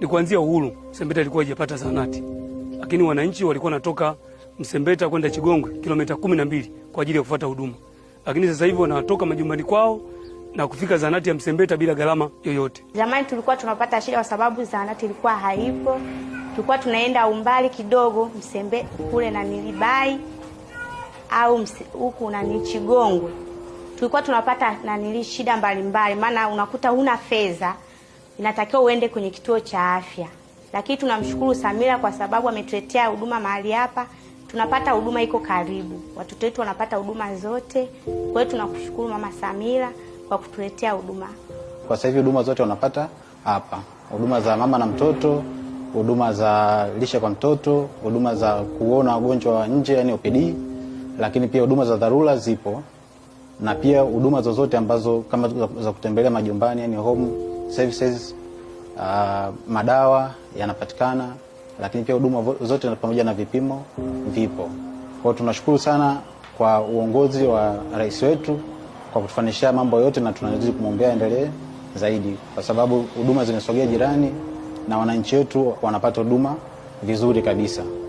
ni kuanzia uhuru Msembeta ilikuwa haijapata zahanati, lakini wananchi walikuwa wanatoka Msembeta kwenda Chigongwe kilomita kumi na mbili kwa ajili ya kufuata huduma, lakini sasa hivi wanatoka majumbani kwao na kufika zahanati ya Msembeta bila gharama yoyote. Zamani tulikuwa tunapata shida kwa sababu zahanati ilikuwa haipo, tulikuwa tunaenda umbali kidogo Msembe kule na nilibai au huku na Chigongwe, tulikuwa tunapata nanili shida mbalimbali, maana unakuta huna fedha inatakiwa uende kwenye kituo cha afya, lakini tunamshukuru Samira kwa sababu ametuletea huduma mahali hapa, tunapata huduma iko karibu, watoto wetu wanapata huduma zote. Kwa hiyo tunakushukuru Mama Samira kwa kutuletea huduma. Kwa sasa hivi huduma zote wanapata hapa, huduma za mama na mtoto, huduma za lishe kwa mtoto, huduma za kuona wagonjwa wa nje, yani OPD, lakini pia huduma za dharura zipo na pia huduma zozote ambazo kama za kutembelea majumbani, yani home services uh, madawa yanapatikana, lakini pia huduma zote pamoja na vipimo vipo. Kwa hiyo tunashukuru sana kwa uongozi wa rais wetu kwa kutufanishia mambo yote, na tunazidi kumwombea endelee zaidi, kwa sababu huduma zinasogea jirani na wananchi wetu wanapata huduma vizuri kabisa.